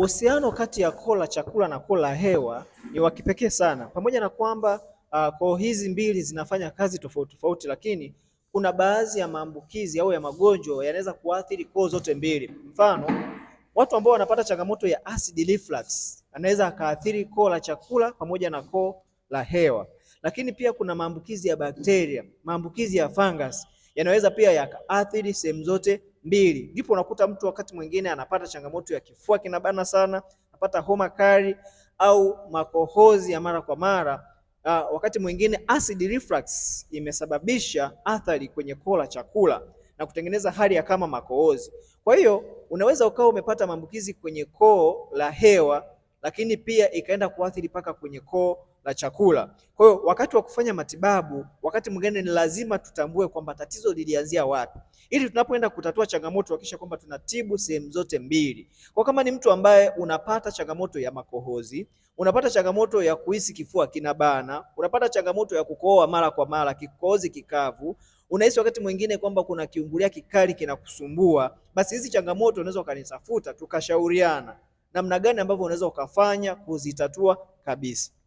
Uhusiano kati ya koo la chakula na koo la hewa ni wa kipekee sana. Pamoja na kwamba uh, koo hizi mbili zinafanya kazi tofauti tofauti, lakini kuna baadhi ya maambukizi au ya magonjwa yanaweza kuathiri koo zote mbili. Mfano, watu ambao wanapata changamoto ya acid reflux anaweza akaathiri koo la chakula pamoja na koo la hewa. Lakini pia kuna maambukizi ya bakteria, maambukizi ya fungus yanaweza pia yakaathiri sehemu zote mbili. Ndipo unakuta mtu wakati mwingine anapata changamoto ya kifua kinabana sana, anapata homa kali au makohozi ya mara kwa mara. Uh, wakati mwingine acid reflux imesababisha athari kwenye koo la chakula na kutengeneza hali ya kama makohozi. Kwa hiyo unaweza ukawa umepata maambukizi kwenye koo la hewa, lakini pia ikaenda kuathiri mpaka kwenye koo la chakula. Kwa hiyo wakati wa kufanya matibabu, wakati mwingine ni lazima tutambue kwamba tatizo lilianzia wapi, ili tunapoenda kutatua changamoto tuhakikishe kwamba tunatibu sehemu zote mbili. Kwa kama ni mtu ambaye unapata changamoto ya makohozi, unapata changamoto ya kuhisi kifua kinabana, unapata changamoto ya kukohoa mara kwa mara, kikohozi kikavu unahisi wakati mwingine kwamba kuna kiungulia kikali kinakusumbua, basi hizi changamoto unaweza ukanitafuta, tukashauriana namna gani ambavyo unaweza ukafanya kuzitatua kabisa.